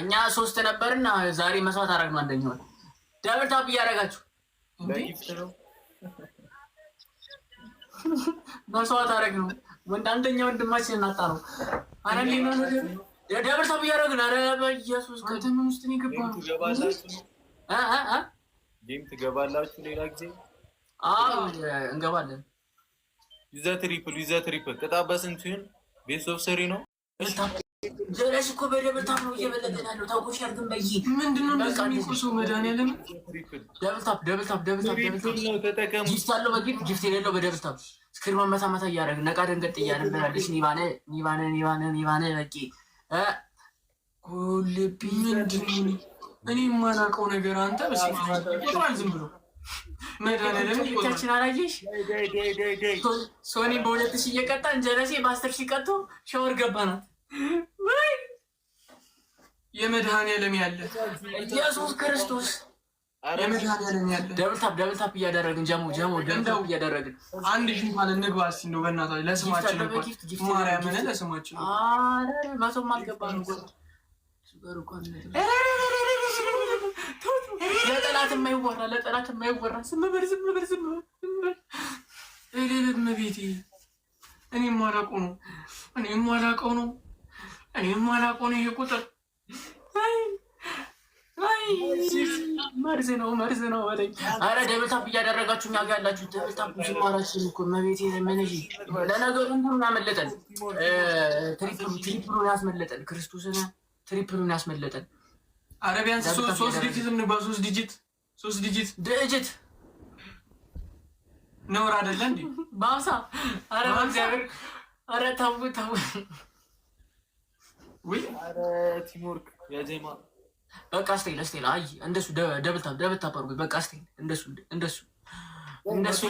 እኛ ሶስት ነበርና ዛሬ መስዋዕት አረግ ነው። አንደኛው ደብል ታፕ እያደረጋችሁ መስዋዕት አረግ ነው። ወንድ አንደኛ ወንድማችን እናጣ ነው። አረ ደብል ታፕ እያደረግን አረ በኢየሱስ ከተም ውስጥ ነው የገባነው። ጌም ትገባላችሁ ሌላ ጊዜ እንገባለን። ዩዘ ትሪፕል ዩዘ ትሪፕል ቅጣት በስንት ይሁን? ቤት ሶፍ ስሪ ነው ጀለሽ እኮ በደብልታፕ ነው እየበለጠን ያለው ታውቆሻል። ግን በይ ምንድነው እንደዚህ የሚቆሰው? መድኃኒዓለም ደብልታፕ ደብልታፕ ደብልታፕ ጊፍት አለው በጊፍት ጊፍት የሌለው በደብልታፕ ስክሪን መመታ መታ እያደረግ ነቃ ደንገጥ እያደረግ ብላለች። ኒባነ ኒባነ ኒባነ ኒባነ በቂ ጎልቢ ምንድን እኔ የማላውቀው ነገር አንተ በሲል ዝም ብሎ መድኃኒዓለምቻችን አላየሽ ሶኒ በሁለት ሺህ እየቀጣን ጀለሴ በአስር ሺህ ቀጥቶ ሻወር ገባናት። የመድኃኔዓለም ያለ ኢየሱስ ክርስቶስ የመድኃኔዓለም ያለ ደብልታፕ ደብልታፕ እያደረግን ጀሞ ጀሞ ደብልታፕ እያደረግን አንድ ሺህ እንኳን እንግባ እስኪ ነው በእናታ ለስማችን ማርያምን ለስማችን መቶም አልገባንም። ለጠላት የማይወራ ለጠላት የማይወራ ዝም በል ዝም በል ዝም በል እልልም ቤቴ እኔ የማላውቀው ነው እኔ የማላውቀው ነው እኔ የማላውቀው ነው ይሄ ቁጥር መርዝ ነው መርዝ ነው በለኝ። አረ ደብልታፕ እያደረጋችሁ እኛ ጋር ያላችሁ ደብልታፕ ብዙ ማራችን እኮ ለነገሩ ያመለጠን ትሪፕሉን ያስመለጠን ክርስቶስን ትሪፕሉን ያስመለጠን። ሶስት ዲጂት ሶስት ዲጂት ሶስት ዲጂት ድእጅት ነውር አደለ በአምሳ አረ አረ ታቡ ታቡ አረ ቲሞርክ የዜማ በቃ ስቴል ስቴል አይ እንደሱ ደብል ታፕ ደብል በቃ ስቴል እንደሱ እንደሱ እንደሱ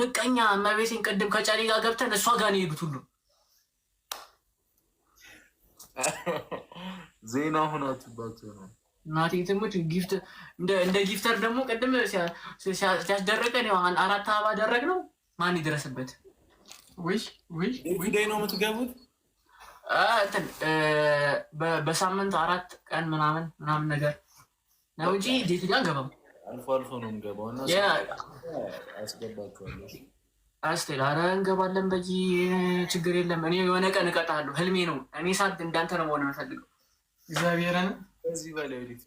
ምቀኛ መቤቴን ቅድም ከጫሌ ጋር ገብተን እሷ ጋር ነው የሄዱት ሁሉ ዜና ሆናችሁባቸው ነው። እናቴ ትሙት ጊፍት እንደ ጊፍተር ደግሞ ቅድም ሲያስደረቀን አራት አበባ ነው ማን ይድረስበት? ውይ ውይ ነው የምትገቡት በሳምንት አራት ቀን ምናምን ምናምን ነገር ነው እንጂ ዴት ጋ አንገባም። አልፎ አልፎ ነው የምገባው። አስገባቸዋለሁ። አስቴል አረ እንገባለን በይ ችግር የለም። እኔ የሆነ ቀን እቀጣለሁ። ህልሜ ነው። እኔ ሳድ እንዳንተ ነው መሆን የምፈልገው። እግዚአብሔርን እዚህ በላይ ወዴት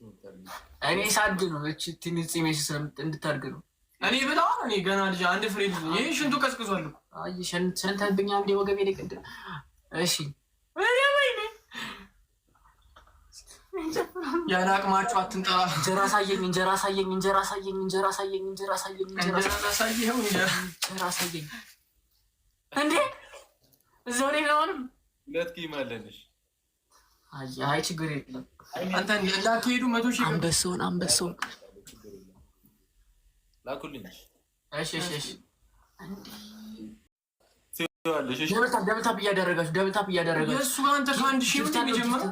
እኔ ሳድ ነው እች ትንጽ ሜስ እንድታድግ ነው። እኔ በጣም እኔ ገና ልጅ አንድ ፍሬ ልጅ ይህ ሽንቱ ቀዝቅዟል። አይ ሸንተብኛ እንዲ ወገቤ ቅድ እሺ ያለ አቅማቸው አትንጠራ። እንጀራ ሳየኝ፣ እንጀራ ሳየኝ፣ እንጀራ ሳየኝ፣ እንጀራ ሳየኝ፣ እንጀራ ሳየኝ፣ እንጀራ ሳየኝ። እንዴ እዛው ላይ ነው አሁንም ሁለት ቂማለንሽ። አይ ችግር የለም አንተ ላትሄዱ መቶ ሺህ አንበሳውን አንበሳውን ላኩልኝ። እሺ እሺ እሺ ደብታፕ እያደረጋችሁ ደብታፕ እያደረጋችሁ እሱ አንተ ከአንድ ሺህ ብር የሚጀምረው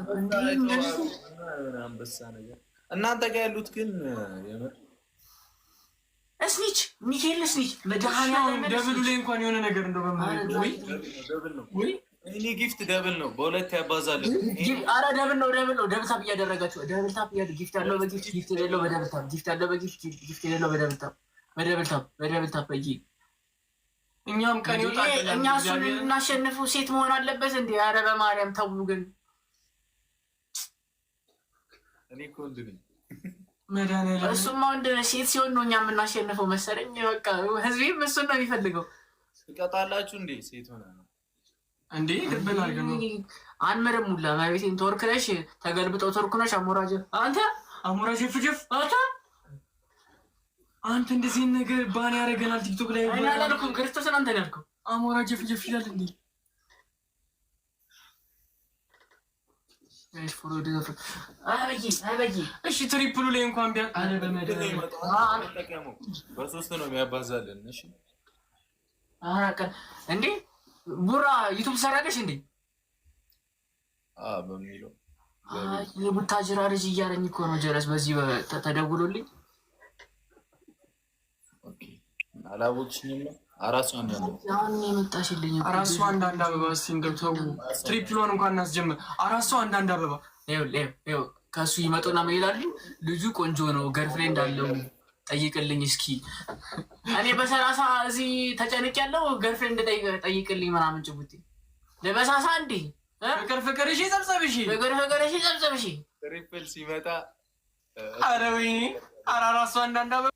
እናንተ ጋር ያሉት ግን እስኒች ሚካኤል እስኒች መድኃኒዓለም ደብሉ ላይ እንኳን የሆነ ነገር እንደው እኔ ጊፍት ደብል ነው፣ በሁለት ያባዛል። አረ ደብል ነው፣ ደብል ነው። ደብል ደብልታፕ እያደረጋችሁ ታፕ እያ ጊፍት ያለው በጊፍት ጊፍት የሌለው ታፕ ጊፍት ያለው በጊፍት ጊፍት የሌለው ታፕ በደብል ታፕ በጂ እኛም ቀን ይወጣል። እኛ እሱን እናሸንፈው። ሴት መሆን አለበት እንዴ? ኧረ በማርያም ተው። ግን እሱማ ወንድ ነህ። ሴት ሲሆን ነው እኛ የምናሸንፈው መሰለኝ። በቃ ህዝቤም እሱን ነው የሚፈልገው። ትቀጣላችሁ እንዴ? ሴት ሆነ እንዴ? ልብን አድርገን አንምርም። ሁላ መቤቴን ተወርክነሽ፣ ተገልብጠው ተወርክነሽ፣ አሞራጀ አንተ አሞራጀ ፍጅፍ አንተ አንተ እንደዚህ ነገር ባን ያደርገናል። ቲክቶክ ላይ አላልኩም። ክርስቶስን አንተ ያልከው አሞራ ጀፍ ጀፍ ይላል እንዴ? እሺ ትሪፕሉ ላይ እንኳን ቢያ አለ በሶስት ነው የሚያባዛልን። እሺ እንዴ ቡራ ዩቱብ ሰራለሽ እንዴ በሚለው የቡታጅራ ልጅ እያለኝ እኮ ነው ጀረስ በዚህ ተደውሎልኝ አላቦችኝም አራሱ አንዳንድ አበባ እስኪ እንደው ተው፣ ትሪፕሏን እንኳን እናስጀምር። አራሱ አንዳንድ አበባ ከእሱ ይመጡና መሄዳሉ። ልጁ ቆንጆ ነው፣ ገርፍሬንድ አለው ጠይቅልኝ እስኪ። እኔ በሰላሳ እዚህ ተጨንቅ ያለው ገርፍሬንድ ጠይቅልኝ ምናምን ጭቡቴ ለበሳሳ እንዲ ፍቅር ፍቅር እሺ፣ ጸብጸብ እሺ፣ ፍቅር ፍቅር እሺ፣ ጸብጸብ እሺ። ትሪፕል ሲመጣ አረዊ አራራሱ አንዳንድ አበባ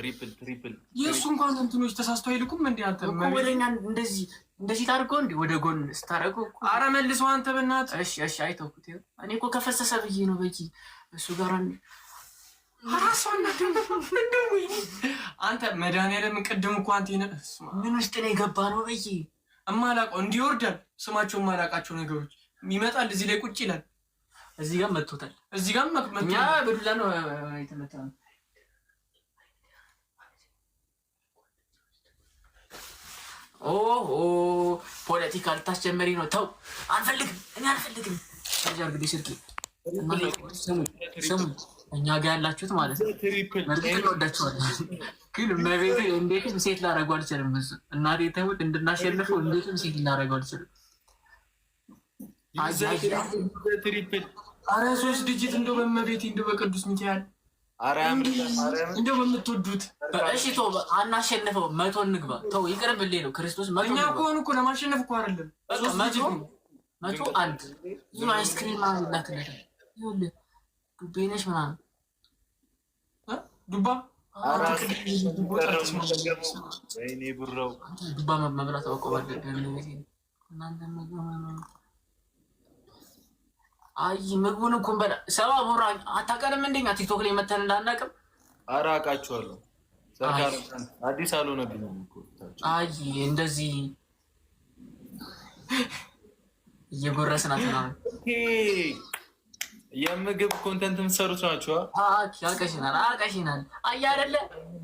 ትሪፕል ትሪፕል የእሱ እንኳን እንትኖች ተሳስቶ አይልኩም። እንዲ አንተ ወደኛ እንደዚህ እንደዚህ ታድርገው እንዲ ወደ ጎን ስታረጉ፣ አረ መልሶ አንተ በናት። እሺ እሺ፣ አይተውኩት። እኔ እኮ ከፈሰሰ ብዬ ነው በቂ እሱ ጋር አንተ መድኃኒዓለም ቅድም እኮ አንተ ምን ውስጥ ነው የገባ ነው በይ እማላውቀው እንዲህ ይወርዳል። ስማቸው የማላውቃቸው ነገሮች ይመጣል። እዚህ ላይ ቁጭ ይላል። እዚህ ጋር መጥቶታል። እዚህ ጋር መጥቶታል። በዱላ ነው የተመታ ነው ኦሆ ፖለቲካ ልታስጀመሪ ነው? ተው፣ አንፈልግም፣ እኔ አንፈልግም። ከዚያ እንግዲህ ስልኬ ስሙ፣ እኛ ጋ ያላችሁት ማለት ነው። እንወዳችኋለን፣ ግን መቤቴ እንዴትም ሴት ላደርገው አልችልም። እሱ እናቴ ተውት፣ እንድናሸንፈው እንዴትም ሴት ላደርገው አልችልም። አረ ሶስት ድጅት እንደው በመቤት እንደው በቅዱስ ሚካኤል እንደው በምትወዱት እሺ፣ ተው አናሸንፈው፣ መቶ እንግባ። ተው ይቅርብልኝ ነው ክርስቶስ። መቶ እኛ ከሆኑ እኮ ለማሸነፍ እኮ አይደለም። መቶ አንድ ይሁን አይስክሪም ላክለት። ይሁን ዱቤ ምናምን ዱባ ዱባ መብላት አውቀባለ እናንተ አይ ምግቡን እኮ በላ ሰባ ቦራ አታቀርም እንደኛ ቲክቶክ ላይ መተን እንዳናቅም ኧረ አውቃችኋለሁ። አዲስ አልሆነብኝም። አይ እንደዚህ እየጎረስናት ምናምን የምግብ ኮንተንት የምትሰሩት ናቸው። አውቀሽናል አውቀሽናል። አይ አይደለ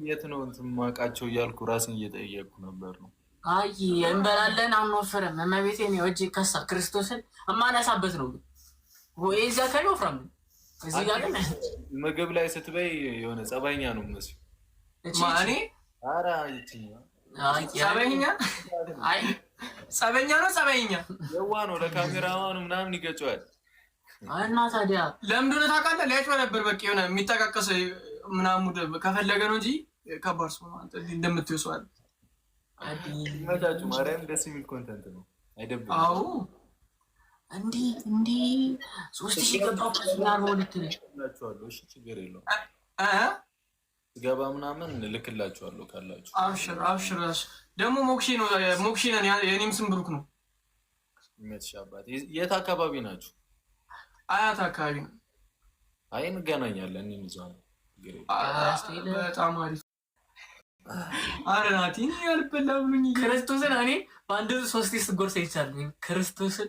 የት ነው እንትን የማውቃቸው እያልኩ ራስን እየጠየቅኩ ነበር ነው አይ እንበላለን፣ አንወፍርም። እመቤቴን የወጅ ከሳ ክርስቶስን እማነሳበት ነው ግን ወይ እዛ ወፍራም ምግብ ላይ ስትበይ የሆነ ጸባይኛ ነው የምመስለው። እኔ ጸባይኛ ጸበኛ ነው ጸበኛ የዋ ነው። ለካሜራማኑ ምናምን ይገጨዋል እና ታዲያ ለምንድን ነው ታውቃለህ? ሊያጭ ነበር በቃ የሆነ የሚጠቃቀስ ምናሙድ ከፈለገ ነው እንጂ ከባድ ሰው እንደምትይው ሰዋል። ማርያም ደስ የሚል ኮንተንት ነው አይደብም። እንዲ እንዲ ሶስት ገባሁ ችግር የለውም ስገባ ምናምን እልክላችኋለሁ ካላችሁ። አብሽር አብሽር። ደግሞ ሞክሼ ነው ሞክሼ ነን። የእኔም ስም ብሩክ ነው። ይመትሻባት። የት አካባቢ ናችሁ? አያት አካባቢ ነው። አይ እንገናኛለን። እኔም እዛ ነው። በጣም አሪፍ አረ ናቲ ክርስቶስን እኔ በአንድ ሶስት ስትጎርስ አይቻለሁ ክርስቶስን